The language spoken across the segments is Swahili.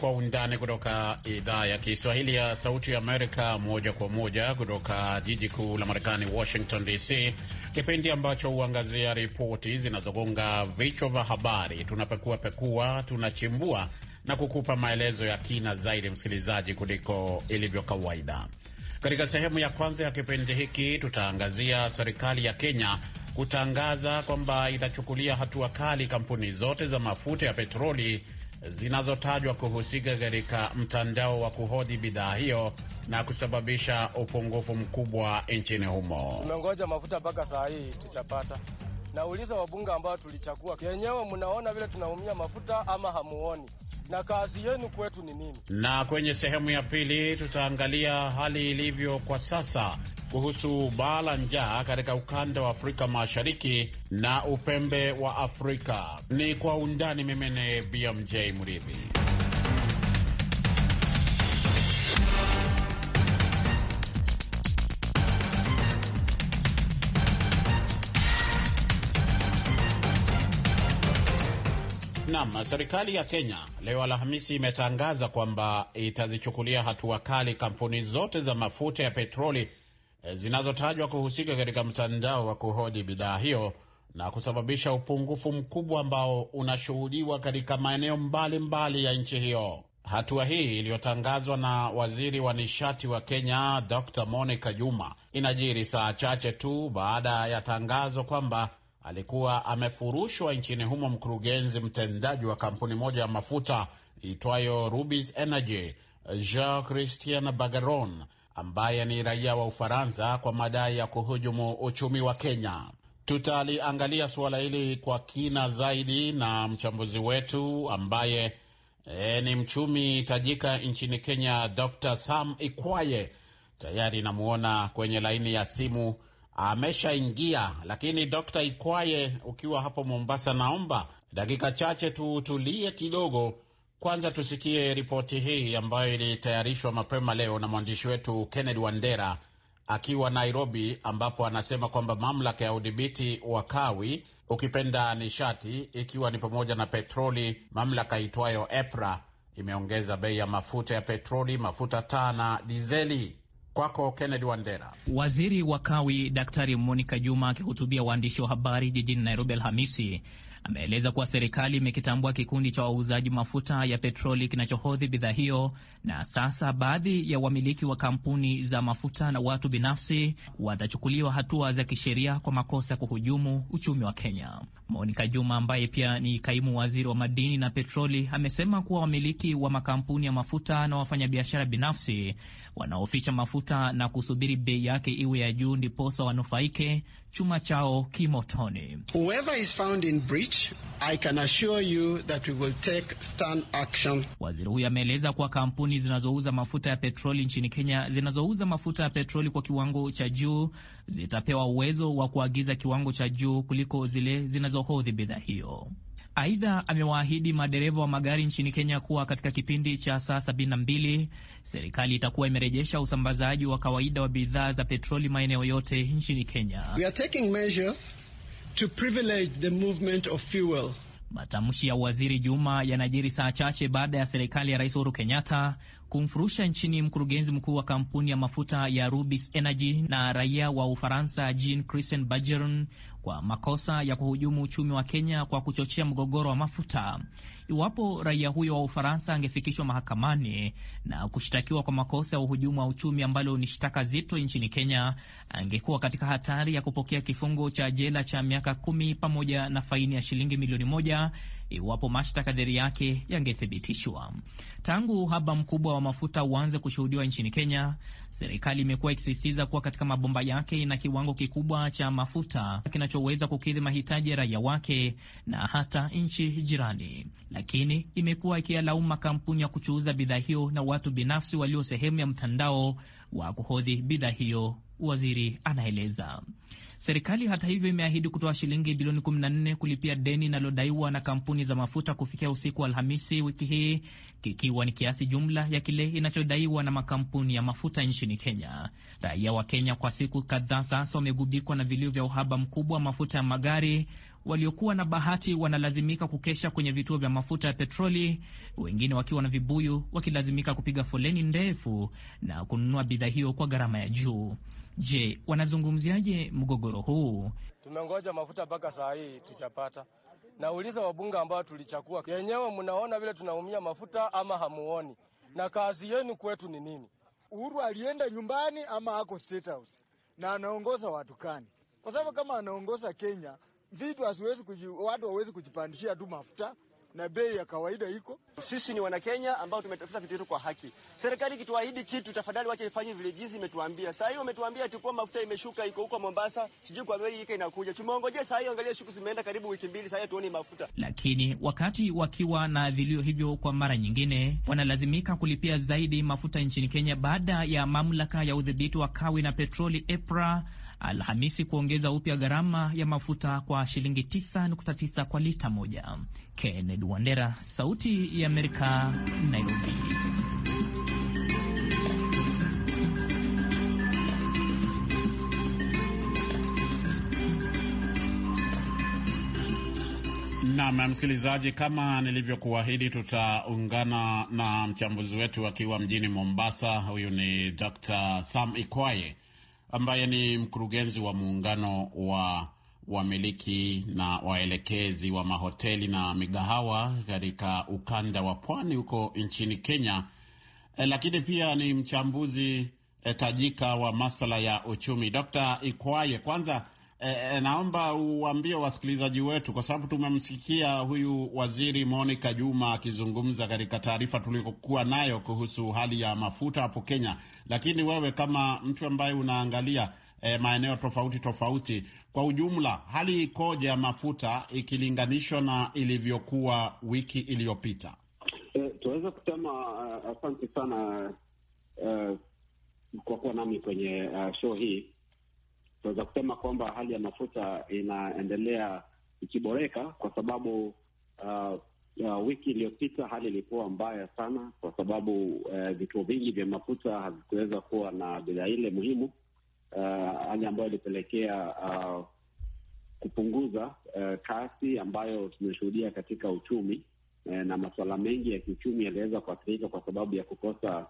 Kwa Undani kutoka idhaa ya Kiswahili ya Sauti Amerika, moja kwa moja kutoka jiji kuu la Marekani, Washington DC, kipindi ambacho huangazia ripoti zinazogonga vichwa vya habari. Tunapekua pekua, tunachimbua na kukupa maelezo ya kina zaidi, msikilizaji, kuliko ilivyo kawaida. Katika sehemu ya kwanza ya kipindi hiki tutaangazia serikali ya Kenya kutangaza kwamba itachukulia hatua kali kampuni zote za mafuta ya petroli zinazotajwa kuhusika katika mtandao wa kuhodhi bidhaa hiyo na kusababisha upungufu mkubwa nchini humo. Tumengoja mafuta mpaka saa hii tuchapata Nauliza wabunge ambao tulichagua yenyewe, mnaona vile tunaumia mafuta ama hamuoni? Na kazi yenu kwetu ni nini? Na kwenye sehemu ya pili tutaangalia hali ilivyo kwa sasa kuhusu baa la njaa katika ukanda wa Afrika Mashariki na upembe wa Afrika. Ni kwa undani. Mimi ni BMJ Mridhi. Naam, serikali ya Kenya leo Alhamisi imetangaza kwamba itazichukulia hatua kali kampuni zote za mafuta ya petroli eh, zinazotajwa kuhusika katika mtandao wa kuhodi bidhaa hiyo na kusababisha upungufu mkubwa ambao unashuhudiwa katika maeneo mbalimbali ya nchi hiyo. Hatua hii iliyotangazwa na waziri wa nishati wa Kenya Dr Monica Juma inajiri saa chache tu baada ya tangazo kwamba alikuwa amefurushwa nchini humo mkurugenzi mtendaji wa kampuni moja ya mafuta itwayo Rubis Energy, Jean Christian Bagaron, ambaye ni raia wa Ufaransa kwa madai ya kuhujumu uchumi wa Kenya. Tutaliangalia suala hili kwa kina zaidi na mchambuzi wetu ambaye e, ni mchumi tajika nchini Kenya, Dr Sam Ikwaye. Tayari namwona kwenye laini ya simu ameshaingia. Lakini Dr. Ikwaye, ukiwa hapo Mombasa, naomba dakika chache tutulie kidogo, kwanza tusikie ripoti hii ambayo ilitayarishwa mapema leo na mwandishi wetu Kennedy Wandera akiwa Nairobi, ambapo anasema kwamba mamlaka ya udhibiti wa kawi ukipenda nishati ikiwa ni pamoja na petroli, mamlaka itwayo EPRA imeongeza bei ya mafuta ya petroli, mafuta taa na dizeli. Kwako Kennedy Wandera. Waziri wa Kawi Daktari Monica Juma akihutubia waandishi wa habari jijini Nairobi Alhamisi ameeleza kuwa serikali imekitambua kikundi cha wauzaji mafuta ya petroli kinachohodhi bidhaa hiyo, na sasa baadhi ya wamiliki wa kampuni za mafuta na watu binafsi watachukuliwa hatua za kisheria kwa makosa ya kuhujumu uchumi wa Kenya. Monica Juma ambaye pia ni kaimu waziri wa madini na petroli amesema kuwa wamiliki wa makampuni ya mafuta na wafanyabiashara binafsi wanaoficha mafuta na kusubiri bei yake iwe ya juu ndiposa wanufaike, chuma chao kimotoni. Waziri huyo ameeleza kuwa kampuni zinazouza mafuta ya petroli nchini Kenya zinazouza mafuta ya petroli kwa kiwango cha juu zitapewa uwezo wa kuagiza kiwango cha juu kuliko zile zinazohodhi bidhaa hiyo. Aidha, amewaahidi madereva wa magari nchini Kenya kuwa katika kipindi cha saa 72 serikali itakuwa imerejesha usambazaji wa kawaida wa bidhaa za petroli maeneo yote nchini Kenya. We are taking measures to privilege the movement of fuel. Matamshi ya Waziri Juma yanajiri saa chache baada ya serikali ya Rais Uhuru Kenyatta kumfurusha nchini mkurugenzi mkuu wa kampuni ya mafuta ya Rubis Energy na raia wa Ufaransa Jean Christian Bargeron kwa makosa ya kuhujumu uchumi wa Kenya kwa kuchochea mgogoro wa mafuta. Iwapo raia huyo wa Ufaransa angefikishwa mahakamani na kushtakiwa kwa makosa ya uhujumu wa uchumi, ambalo ni shtaka zito nchini Kenya, angekuwa katika hatari ya kupokea kifungo cha jela cha miaka kumi pamoja na faini ya shilingi milioni moja iwapo mashtaka dhidi yake yangethibitishwa. Tangu uhaba mkubwa wa mafuta uanze kushuhudiwa nchini Kenya, serikali imekuwa ikisisitiza kuwa katika mabomba yake ina kiwango kikubwa cha mafuta kinachoweza kukidhi mahitaji ya raia wake na hata nchi jirani, lakini imekuwa ikiyalaumu makampuni ya kuchuuza bidhaa hiyo na watu binafsi walio sehemu ya mtandao wa kuhodhi bidhaa hiyo. Waziri anaeleza serikali, hata hivyo, imeahidi kutoa shilingi bilioni 14 kulipia deni linalodaiwa na kampuni za mafuta kufikia usiku wa Alhamisi wiki hii, kikiwa ni kiasi jumla ya kile inachodaiwa na makampuni ya mafuta nchini Kenya. Raia wa Kenya kwa siku kadhaa sasa wamegubikwa na vilio vya uhaba mkubwa wa mafuta ya magari waliokuwa na bahati wanalazimika kukesha kwenye vituo vya mafuta ya petroli, wengine wakiwa na vibuyu, wakilazimika kupiga foleni ndefu na kununua bidhaa hiyo kwa gharama ya juu. Je, wanazungumziaje mgogoro huu? Tumengoja mafuta mpaka saa hii tuchapata. Nauliza wabunge ambao tulichakua yenyewe, mnaona vile tunaumia mafuta ama hamuoni? Na kazi yenu kwetu ni nini? Uhuru alienda nyumbani ama ako State House na anaongoza watu kani? Kwa sababu kama anaongoza Kenya vitu kuji, watu hawezi kujipandishia tu mafuta na bei ya kawaida iko. Sisi ni Wanakenya ambao tumetafuta vitu vyetu kwa haki. Serikali ikituahidi kitu, tafadhali wache ifanye vile jinsi imetuambia. Saa hiyo umetuambia ati mafuta imeshuka iko huko Mombasa, sijui kwa meli iko inakuja. Tumeongojea saa hiyo, angalia shuku zimeenda karibu wiki mbili, saa hiyo tuone mafuta. Lakini wakati wakiwa na vilio hivyo kwa mara nyingine, wanalazimika kulipia zaidi mafuta nchini Kenya baada ya mamlaka ya udhibiti wa kawi na petroli EPRA Alhamisi kuongeza upya gharama ya mafuta kwa shilingi 9.9 kwa lita moja. Kennedy Wandera, Sauti ya Amerika, Nairobi. Nam msikilizaji, kama nilivyokuahidi, tutaungana na mchambuzi wetu akiwa mjini Mombasa. Huyu ni Dr Sam Ikwaye ambaye ni mkurugenzi wa muungano wa wamiliki na waelekezi wa mahoteli na migahawa katika ukanda wa pwani huko nchini Kenya, e, lakini pia ni mchambuzi e, tajika wa masuala ya uchumi. Dr. Ikwaye, kwanza e, naomba uambie wasikilizaji wetu, kwa sababu tumemsikia huyu waziri Monica Juma akizungumza katika taarifa tuliokuwa nayo kuhusu hali ya mafuta hapo Kenya lakini wewe kama mtu ambaye unaangalia e, maeneo tofauti tofauti, kwa ujumla hali ikoje ya mafuta ikilinganishwa na ilivyokuwa wiki iliyopita? E, tunaweza kusema uh, asante sana uh, kwa kuwa nami kwenye uh, show hii. Tunaweza kusema kwamba hali ya mafuta inaendelea ikiboreka kwa sababu uh, ya wiki iliyopita hali ilikuwa mbaya sana, kwa sababu eh, vituo uh, vingi vya mafuta havikuweza kuwa na bidhaa ile muhimu, eh, hali ambayo ilipelekea uh, kupunguza uh, kasi ambayo tumeshuhudia katika uchumi uh, na masuala mengi ya kiuchumi yaliweza kuathirika kwa sababu ya kukosa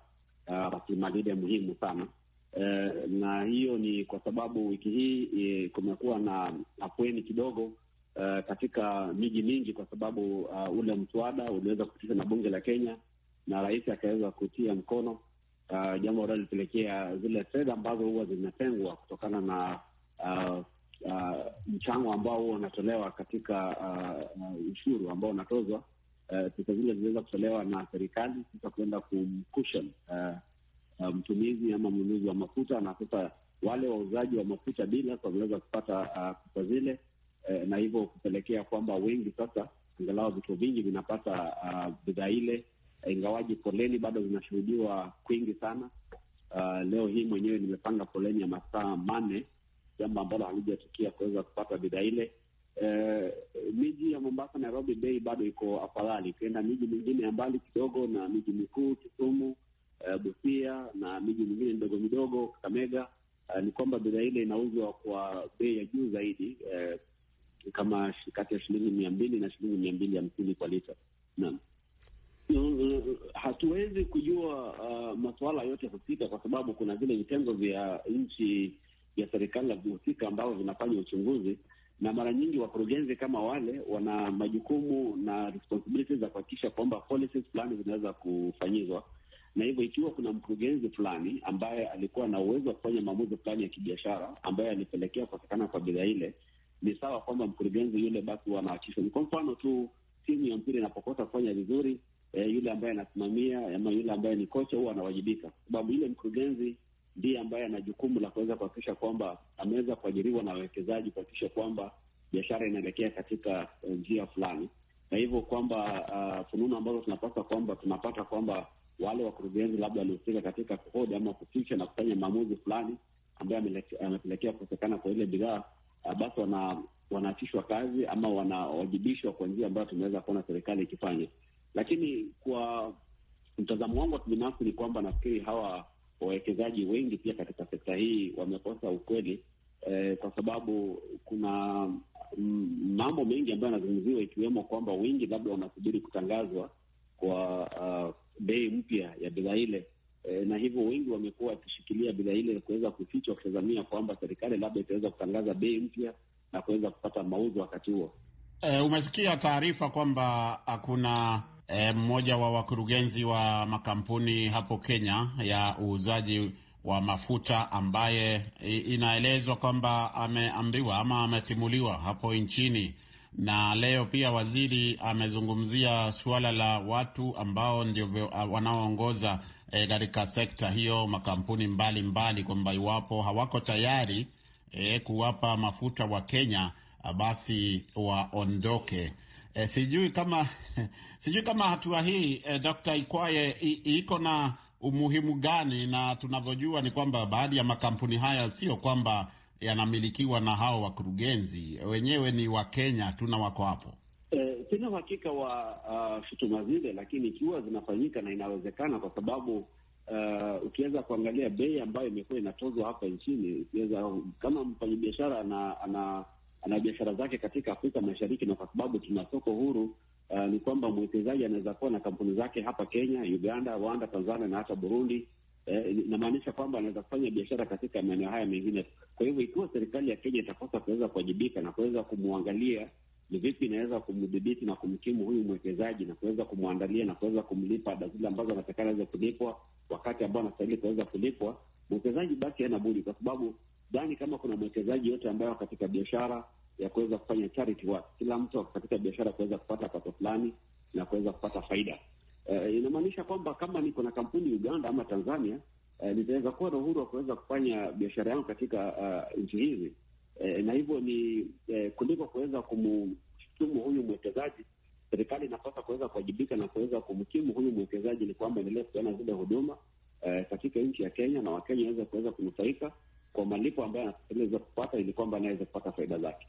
ah, rasilimali uh, ile muhimu sana uh, na hiyo ni kwa sababu wiki hii uh, kumekuwa na afueni kidogo uh, katika miji mingi, kwa sababu uh, ule mswada uliweza kupitishwa na bunge la Kenya na rais akaweza kutia mkono uh, jambo ambalo lilipelekea zile fedha ambazo huwa zimetengwa kutokana na uh, uh, mchango ambao huwa unatolewa katika uh, ushuru ambao unatozwa pesa uh, zile ziliweza kutolewa na serikali sasa kuenda kumcushion uh, uh, mtumizi ama mnunuzi wa mafuta, na sasa wale wauzaji wa mafuta bila wameweza kupata pesa zile eh, na hivyo kupelekea kwamba wengi sasa angalau vituo vingi vinapata uh, bidhaa ile, ingawaji foleni bado zinashuhudiwa kwingi sana. Uh, leo hii mwenyewe nimepanga foleni ya masaa manne, jambo ambalo halijatukia kuweza kupata bidhaa ile. Uh, miji ya Mombasa, Nairobi, bei bado iko afadhali. Ukienda miji mingine ya mbali kidogo na miji mikuu Kisumu, uh, Busia na miji mingine midogo midogo Kakamega, uh, ni kwamba bidhaa ile inauzwa kwa bei ya juu zaidi, uh, kama kati ya shilingi mia mbili na shilingi mia mbili hamsini kwa lita. Naam, hatuwezi kujua uh, masuala yote husika, kwa sababu kuna vile vitengo vya nchi ya serikali vinahusika ambavyo vinafanya uchunguzi, na mara nyingi wakurugenzi kama wale wana majukumu na responsibilities za kuhakikisha kwamba policies fulani zinaweza kufanyizwa na hivyo ikiwa kuna mkurugenzi fulani ambaye alikuwa na uwezo wa kufanya maamuzi fulani ya kibiashara ambaye alipelekea kukosekana kwa bidhaa ile, ni sawa kwamba mkurugenzi yule basi wanaachishwa. Ni kwa mfano tu timu ya mpira inapokosa kufanya vizuri eh, yule ambaye anasimamia ama yule ambaye ni kocha huwa anawajibika, kwa sababu yule mkurugenzi ndiye ambaye ana jukumu la kuweza kuhakikisha kwamba ameweza kuajiriwa na wawekezaji kuhakikisha kwamba biashara inaelekea katika eh, njia fulani, na hivyo kwamba uh, fununu ambazo tunapata kwamba tunapata kwamba wale wakurugenzi labda walihusika katika kuhoja ama kuficha na kufanya maamuzi fulani ambayo amepelekea kukosekana kwa ile bidhaa Eh, basi wana, wanaachishwa kazi ama wanawajibishwa kwa njia ambayo tunaweza kuona serikali ikifanya. Lakini kwa mtazamo wangu wa kibinafsi ni kwamba nafikiri hawa wawekezaji wengi pia katika sekta hii wamekosa ukweli eh, kwa sababu kuna mm, mambo mengi ambayo yanazungumziwa ikiwemo kwamba wengi labda wanasubiri kutangazwa kwa uh, bei mpya ya bidhaa ile e, na hivyo wengi wamekuwa wakishikilia bila ile kuweza kuficha, wakitazamia kwamba serikali labda itaweza kutangaza bei mpya na kuweza kupata mauzo wakati huo. E, umesikia taarifa kwamba ah, kuna e, mmoja wa wakurugenzi wa makampuni hapo Kenya ya uuzaji wa mafuta ambaye inaelezwa kwamba ameambiwa ama ametimuliwa hapo nchini, na leo pia waziri amezungumzia suala la watu ambao ndio ah, wanaoongoza Eh, katika e, sekta hiyo makampuni mbalimbali kwamba iwapo hawako tayari e, kuwapa mafuta wa Kenya ah, basi waondoke. E, sijui kama sijui kama hatua hii e, Dr. Ikwaye iko na umuhimu gani, na tunavyojua ni kwamba baadhi ya makampuni haya sio kwamba yanamilikiwa na hao wakurugenzi wenyewe, ni Wakenya tu wako hapo. E, sina uhakika wa uh, shutuma zile, lakini ikiwa zinafanyika na inawezekana, kwa sababu uh, ukiweza kuangalia bei ambayo imekuwa inatozwa hapa nchini, ukiweza kama mfanyabiashara ana, ana, ana biashara zake katika Afrika Mashariki, na kwa sababu tuna soko huru uh, ni kwamba mwekezaji anaweza kuwa na kampuni zake hapa Kenya, Uganda, Rwanda, Tanzania na hata Burundi. E, inamaanisha kwamba anaweza kufanya biashara katika maeneo haya mengine. Kwa hivyo ikiwa serikali ya Kenya itakosa kuweza kuwajibika na kuweza kumwangalia ni vipi inaweza kumdhibiti na kumkimu huyu mwekezaji na kuweza kumwandalia na kuweza kumlipa ada zile ambazo anatakana aweze kulipwa wakati ambao anastahili kuweza kulipwa. Mwekezaji basi hana budi, kwa sababu dhani kama kuna mwekezaji yote ambayo katika biashara ya kuweza kufanya charity work, kila mtu katika biashara kuweza kupata pato fulani na kuweza kupata faida. Uh, inamaanisha kwamba kama niko na kampuni Uganda ama Tanzania, uh, nitaweza kuwa na uhuru wa kuweza kufanya biashara yangu katika uh, nchi hizi e, na hivyo ni e, kuliko kuweza kumshtumu huyu mwekezaji, serikali inapaswa kuweza kuwajibika na kuweza kumkimu huyu mwekezaji ni kwamba endelee kupeana zile huduma e, katika nchi ya Kenya na Wakenya waweze kuweza kunufaika kwa malipo ambayo anaweza kupata ili kwamba anaweza kupata faida zake.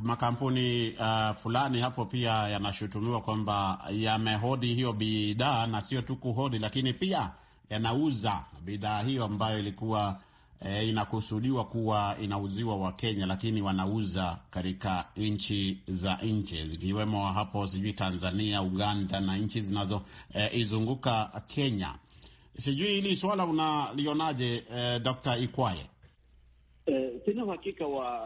Makampuni uh, fulani hapo pia yanashutumiwa kwamba yamehodi hiyo bidhaa na sio tu kuhodi, lakini pia yanauza bidhaa hiyo ambayo ilikuwa e, inakusudiwa kuwa inauziwa wa kenya lakini wanauza katika nchi za nje zikiwemo hapo sijui Tanzania, Uganda na nchi zinazoizunguka e, Kenya. Sijui hili swala unalionaje, e, eh, Dr. Ikwaye? Eh, sina uhakika wa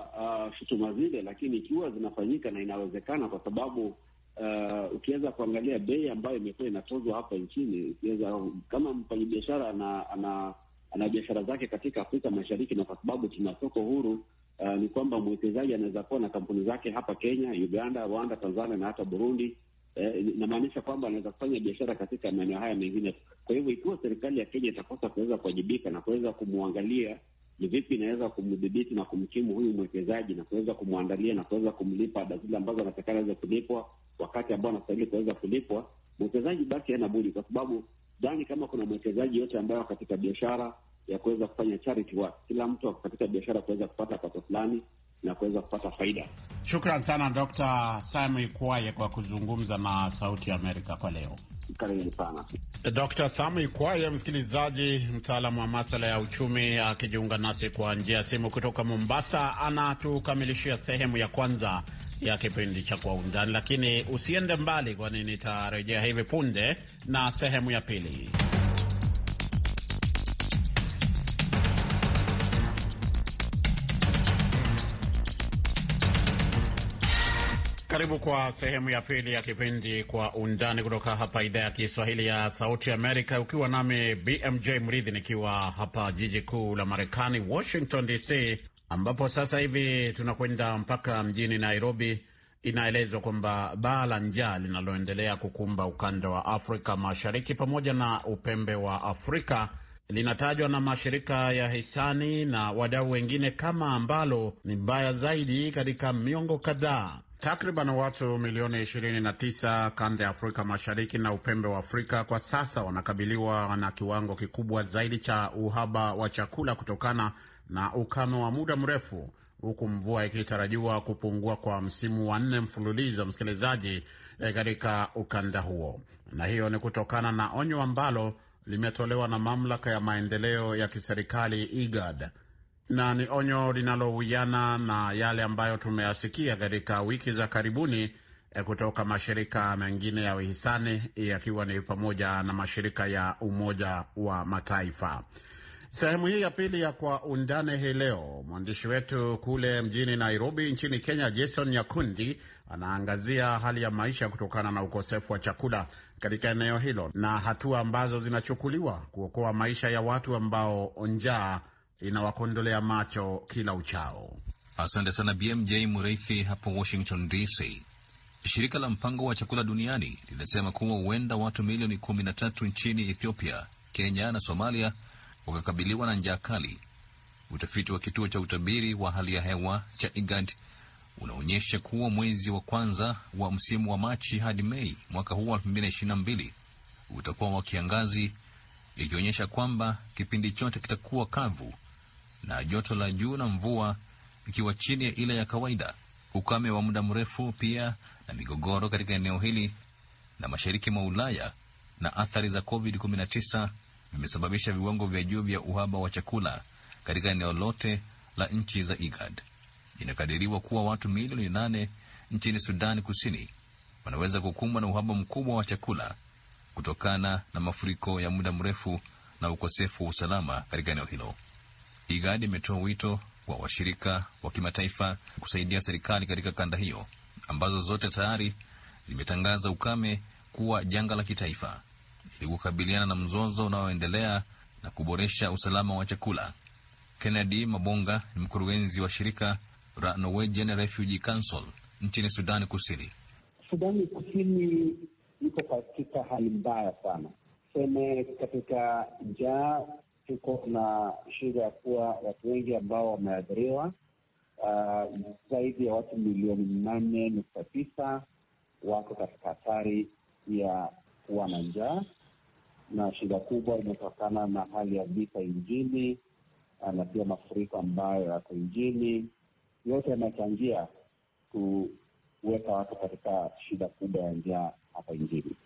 uh, shutuma zile, lakini ikiwa zinafanyika na inawezekana, kwa sababu uh, ukiweza kuangalia bei ambayo imekuwa inatozwa hapa nchini, ukiweza kama mfanyabiashara ana, ana ana biashara zake katika Afrika Mashariki, na kwa sababu tuna soko huru uh, ni kwamba mwekezaji anaweza kuwa na kampuni zake hapa Kenya, Uganda, Rwanda, Tanzania na hata Burundi. Eh, namaanisha kwamba anaweza kufanya biashara katika maeneo haya mengine. Kwa hivyo ikiwa serikali ya Kenya itakosa kuweza kuwajibika na kuweza kumwangalia ni vipi inaweza kumdhibiti na kumkimu huyu mwekezaji na kuweza kumwandalia na kuweza kumlipa ada zile ambazo anatakana aweze kulipwa wakati ambao anastahili kuweza kulipwa, mwekezaji basi hana budi, kwa sababu dhani kama kuna mwekezaji yote ambayo katika biashara ya kuweza kufanya charity work, kila mtu katika biashara kuweza kupata pato fulani na kuweza kupata faida. Shukran sana Dr. Sami Kwaye kwa kuzungumza na Sauti ya Amerika kwa leo. Karibu sana Dr. Sami Kwaye, msikilizaji, mtaalamu wa masala ya uchumi, akijiunga nasi kwa njia ya simu kutoka Mombasa. Anatukamilishia sehemu ya kwanza ya kipindi cha Kwa Undani, lakini usiende mbali, kwani nitarejea hivi punde na sehemu ya pili. Karibu kwa sehemu ya pili ya kipindi Kwa Undani kutoka hapa idhaa ya Kiswahili ya Sauti Amerika, ukiwa nami BMJ Mridhi nikiwa hapa jiji kuu la Marekani, Washington DC, ambapo sasa hivi tunakwenda mpaka mjini Nairobi. Inaelezwa kwamba baa la njaa linaloendelea kukumba ukanda wa Afrika Mashariki pamoja na upembe wa Afrika linatajwa na mashirika ya hisani na wadau wengine kama ambalo ni mbaya zaidi katika miongo kadhaa. Takriban watu milioni 29 kanda ya Afrika Mashariki na upembe wa Afrika kwa sasa wanakabiliwa na kiwango kikubwa zaidi cha uhaba wa chakula kutokana na ukame wa muda mrefu, huku mvua ikitarajiwa kupungua kwa msimu wa nne mfululizo, msikilizaji, eh, katika ukanda huo, na hiyo ni kutokana na onyo ambalo limetolewa na mamlaka ya maendeleo ya kiserikali IGAD na ni onyo linalowiana na yale ambayo tumeyasikia katika wiki za karibuni eh, kutoka mashirika mengine ya uhisani yakiwa ni pamoja na mashirika ya Umoja wa Mataifa. Sehemu hii ya pili ya Kwa Undani hii leo, mwandishi wetu kule mjini Nairobi nchini Kenya, Jason Nyakundi, anaangazia hali ya maisha kutokana na ukosefu wa chakula katika eneo hilo na hatua ambazo zinachukuliwa kuokoa maisha ya watu ambao njaa inawakondolea macho kila uchao. Asante sana BMJ Mreithi hapo Washington DC. Shirika la mpango wa chakula duniani linasema kuwa huenda watu milioni 13 nchini Ethiopia, Kenya na Somalia wakakabiliwa na njaa kali. Utafiti wa kituo cha utabiri wa hali ya hewa cha IGAD unaonyesha kuwa mwezi wa kwanza wa msimu wa Machi hadi Mei mwaka huu wa 2022 utakuwa wa kiangazi, ikionyesha kwamba kipindi chote kitakuwa kavu na joto la juu na mvua ikiwa chini ya ile ya kawaida. Ukame wa muda mrefu pia na migogoro katika eneo hili na mashariki mwa Ulaya na athari za COVID-19 vimesababisha viwango vya juu vya uhaba wa chakula katika eneo lote la nchi za IGAD inakadiriwa kuwa watu milioni nane nchini Sudani Kusini wanaweza kukumbwa na uhaba mkubwa wa chakula kutokana na mafuriko ya muda mrefu na ukosefu wa usalama katika eneo hilo. IGAD imetoa wito kwa washirika wa kimataifa kusaidia serikali katika kanda hiyo ambazo zote tayari zimetangaza ukame kuwa janga la kitaifa ili kukabiliana na mzozo unaoendelea na kuboresha usalama wa chakula. Kennedy Mabonga ni mkurugenzi wa shirika la Norwegian Refugee Council nchini Sudani Kusini. Sudani Kusini iko katika hali mbaya sana, tuseme katika njaa. Tuko na shida ya kuwa watu wengi ambao wameathiriwa ah, zaidi ya watu milioni nane nukta tisa wako katika hatari ya kuwa na njaa, na shida kubwa imetokana na hali ya vita nchini ah, na pia mafuriko ambayo yako nchini yote yanachangia kuweka watu katika shida kubwa ya njaa hapa nchini.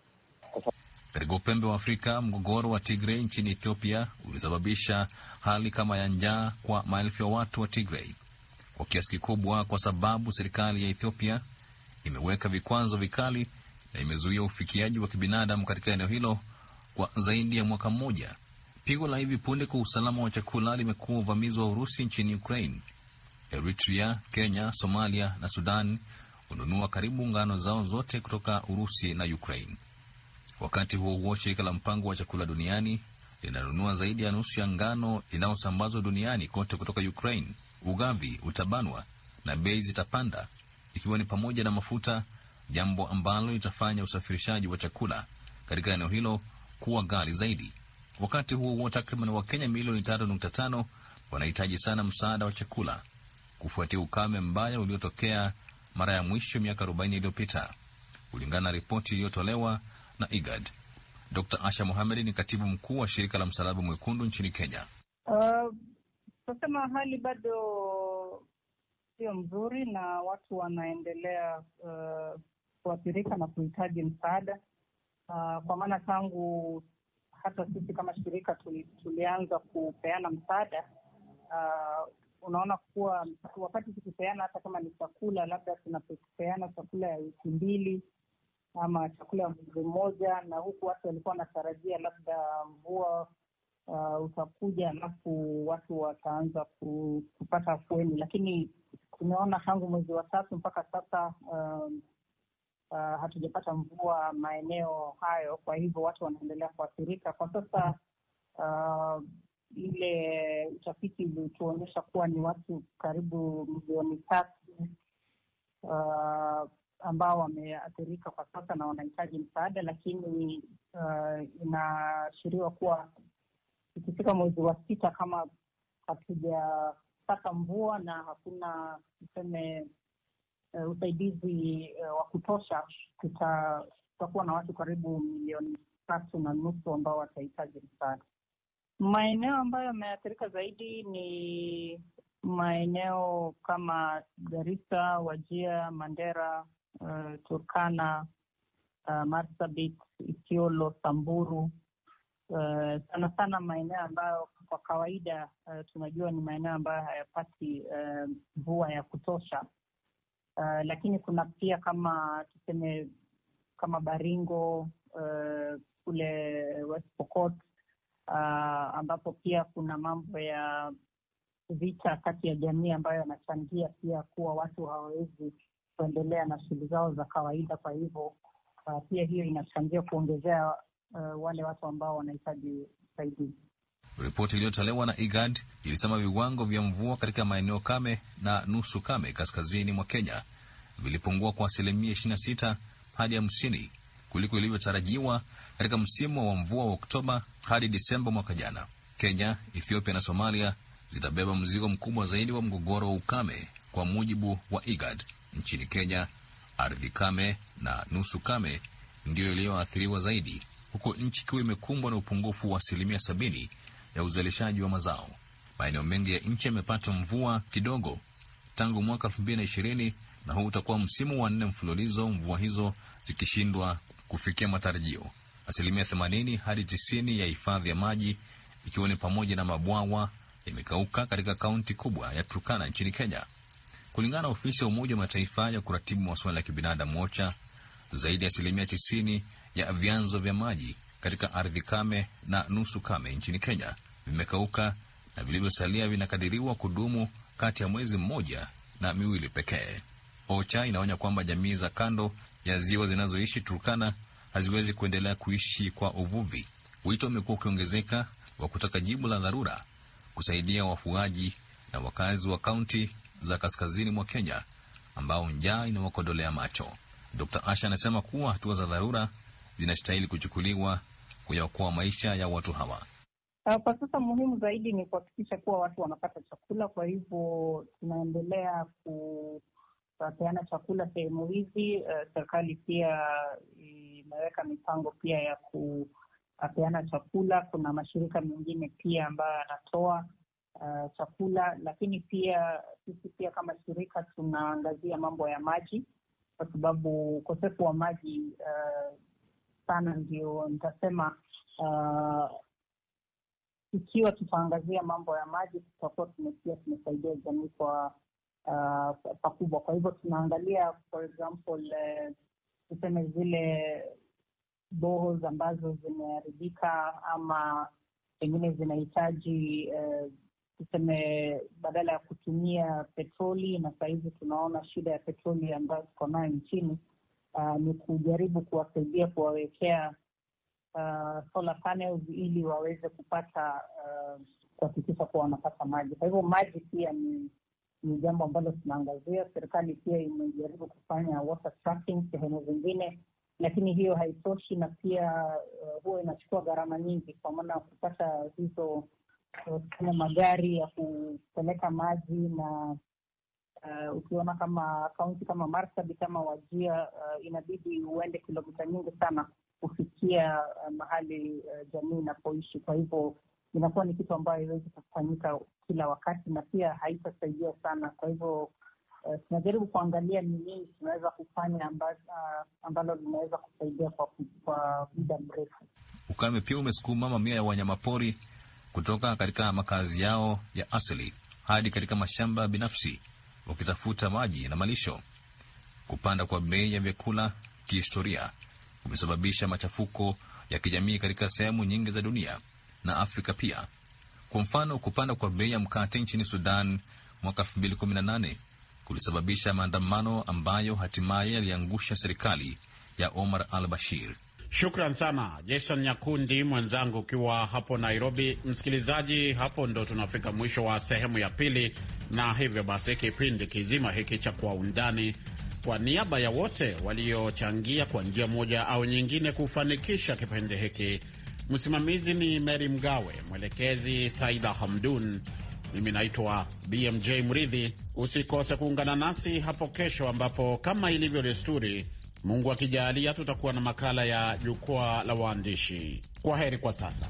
Katika upembe wa Afrika, mgogoro wa Tigrei nchini Ethiopia ulisababisha hali kama ya njaa kwa maelfu ya watu wa Tigrei kwa kiasi kikubwa, kwa sababu serikali ya Ethiopia imeweka vikwazo vikali na imezuia ufikiaji wa kibinadamu katika eneo hilo kwa zaidi ya mwaka mmoja. Pigo la hivi punde kwa usalama wa chakula limekuwa uvamizi wa Urusi nchini Ukraine Eritrea, Kenya, Somalia na Sudan hununua karibu ngano zao zote kutoka Urusi na Ukraine. Wakati huo huo, shirika la mpango wa chakula duniani linanunua zaidi ya nusu ya ngano inayosambazwa duniani kote kutoka Ukraine. Ugavi utabanwa na bei zitapanda, ikiwa ni pamoja na mafuta, jambo ambalo litafanya usafirishaji wa chakula katika eneo hilo kuwa ghali zaidi. Wakati huo huo, takriban Wakenya milioni 3.5 wanahitaji sana msaada wa chakula kufuatia ukame mbaya uliotokea mara ya mwisho miaka 40 iliyopita, kulingana na ripoti iliyotolewa na IGAD. Dr Asha muhamed ni katibu mkuu wa shirika la Msalaba Mwekundu nchini Kenya. Uh, hali bado sio mzuri na watu wanaendelea uh, kuathirika na kuhitaji msaada uh, kwa maana tangu hata sisi kama shirika tulianza kupeana msaada uh, unaona kuwa wakati tukipeana hata kama ni chakula, labda tunapopeana chakula ya wiki mbili ama chakula ya mwezi mmoja, na huku watu walikuwa wanatarajia labda mvua uh, utakuja alafu watu wataanza kupata afueni, lakini tumeona tangu mwezi wa tatu mpaka sasa um, uh, hatujapata mvua maeneo hayo. Kwa hivyo watu wanaendelea kuathirika kwa sasa. Uh, ile utafiti ilituonyesha kuwa ni watu karibu milioni tatu uh, ambao wameathirika kwa sasa na wanahitaji msaada, lakini uh, inaashiriwa kuwa ikifika mwezi wa sita, kama hatujapata mvua na hakuna tuseme uh, usaidizi uh, wa kutosha, tutakuwa na watu karibu milioni tatu na nusu ambao watahitaji msaada. Maeneo ambayo yameathirika zaidi ni maeneo kama Garissa, Wajia, Mandera, uh, Turkana, uh, Marsabit, Isiolo, Samburu, uh, sana sana maeneo ambayo kwa kawaida uh, tunajua ni maeneo ambayo hayapati mvua uh, ya kutosha uh, lakini kuna pia kama tuseme kama Baringo uh, kule West Pokot uh, ambapo pia kuna mambo ya vita kati ya jamii ambayo yanachangia pia kuwa watu hawawezi kuendelea na shughuli zao za kawaida. Kwa hivyo uh, pia hiyo inachangia kuongezea uh, wale watu ambao wanahitaji usaidizi. Ripoti iliyotolewa na IGAD ilisema viwango vya mvua katika maeneo kame na nusu kame kaskazini mwa Kenya vilipungua kwa asilimia 26 hadi hamsini kuliko ilivyotarajiwa katika msimu wa mvua wa Oktoba hadi Disemba mwaka jana. Kenya, Ethiopia na Somalia zitabeba mzigo mkubwa zaidi wa mgogoro wa ukame kwa mujibu wa IGAD. Nchini Kenya, ardhi kame na nusu kame ndiyo iliyoathiriwa zaidi, huku nchi ikiwa imekumbwa na upungufu wa asilimia sabini ya uzalishaji wa mazao. Maeneo mengi ya nchi yamepata mvua kidogo tangu mwaka elfu mbili na ishirini na huu utakuwa msimu wa nne mfululizo mvua hizo zikishindwa kufikia matarajio. Asilimia 80 hadi 90 ya hifadhi ya maji ikiwa ni pamoja na mabwawa yamekauka katika kaunti kubwa ya Turkana nchini Kenya. Kulingana na ofisi ya Umoja wa Mataifa ya kuratibu masuala ya kibinadamu OCHA, zaidi ya asilimia 90 ya vyanzo vya maji katika ardhi kame na nusu kame nchini Kenya vimekauka na vilivyosalia vinakadiriwa kudumu kati ya mwezi mmoja na miwili pekee. OCHA inaonya kwamba jamii za kando ya ziwa zinazoishi Turkana haziwezi kuendelea kuishi kwa uvuvi. Wito umekuwa ukiongezeka wa kutaka jibu la dharura kusaidia wafugaji na wakazi wa kaunti za kaskazini mwa Kenya ambao njaa inawakodolea macho. Dr. Asha anasema kuwa hatua za dharura zinastahili kuchukuliwa kuyaokoa maisha ya watu hawa. Ah, kwa sasa muhimu zaidi ni kuhakikisha kuwa watu wanapata chakula. Kwa hivyo tunaendelea ku tutapeana chakula sehemu hizi. Uh, serikali pia imeweka mipango pia ya kupeana chakula. Kuna mashirika mengine pia ambayo yanatoa uh, chakula, lakini pia sisi pia kama shirika tunaangazia mambo ya maji, kwa sababu ukosefu wa maji uh, sana ndio nitasema uh, ikiwa tutaangazia mambo ya maji tutakuwa tumesikia tumesaidia jamii kwa Uh, pakubwa. Kwa hivyo tunaangalia for example uh, tuseme zile bohos ambazo zimeharibika ama pengine zinahitaji uh, tuseme badala ya kutumia petroli, na sahizi tunaona shida ya petroli ambayo tuko nayo nchini uh, ni kujaribu kuwasaidia kuwawekea uh, solar panels ili waweze kupata uh, kuhakikisha kuwa wanapata maji. Kwa hivyo maji pia ni ni jambo ambalo tunaangazia. Serikali pia imejaribu kufanya water tracking sehemu zingine, lakini hiyo haitoshi, na pia uh, huwa inachukua gharama nyingi, kwa maana kupata hizo uh, magari ya kupeleka maji na Uh, ukiona kama kaunti kama Marsabit kama Wajia uh, inabidi uende kilomita nyingi sana kufikia uh, mahali uh, jamii inapoishi. Kwa hivyo inakuwa ni kitu ambayo haiwezi kufanyika kila wakati na pia haitasaidia sana. Kwa hivyo uh, kuangalia ni nini tunaweza kufanya amba, uh, ah, ambalo linaweza kusaidia kwa, kwa muda mrefu. Ukame pia umesukuma mamia ya wanyamapori kutoka katika makazi yao ya asili hadi katika mashamba binafsi wakitafuta maji na malisho. Kupanda kwa bei ya vyakula kihistoria kumesababisha machafuko ya kijamii katika sehemu nyingi za dunia na Afrika pia. Kwa mfano, kupanda kwa bei ya mkate nchini Sudan mwaka 2018 kulisababisha maandamano ambayo hatimaye yaliangusha serikali ya Omar al Bashir. Shukran sana Jason Nyakundi mwenzangu ukiwa hapo Nairobi. Msikilizaji, hapo ndo tunafika mwisho wa sehemu ya pili, na hivyo basi kipindi kizima hiki cha Kwa Undani, kwa niaba ya wote waliochangia kwa njia moja au nyingine kufanikisha kipindi hiki Msimamizi ni Mary Mgawe, mwelekezi Saida Hamdun. Mimi naitwa BMJ Mridhi. Usikose kuungana nasi hapo kesho, ambapo kama ilivyo desturi, Mungu akijaalia, tutakuwa na makala ya jukwaa la waandishi. Kwa heri kwa sasa.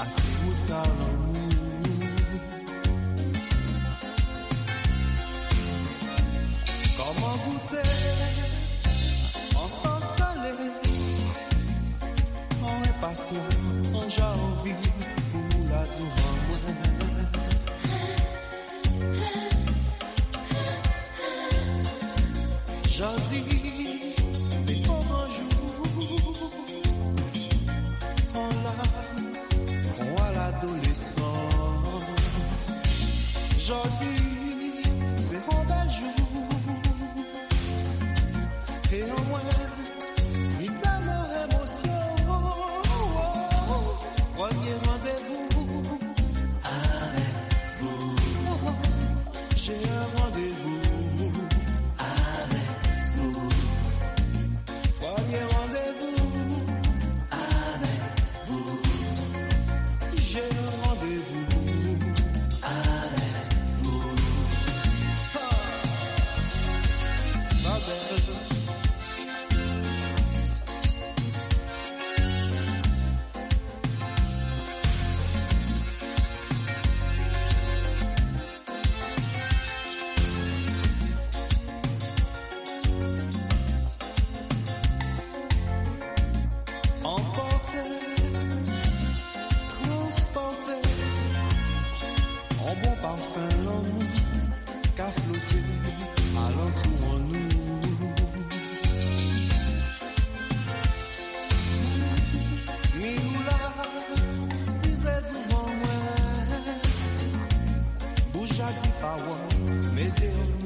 Así If I wo, mais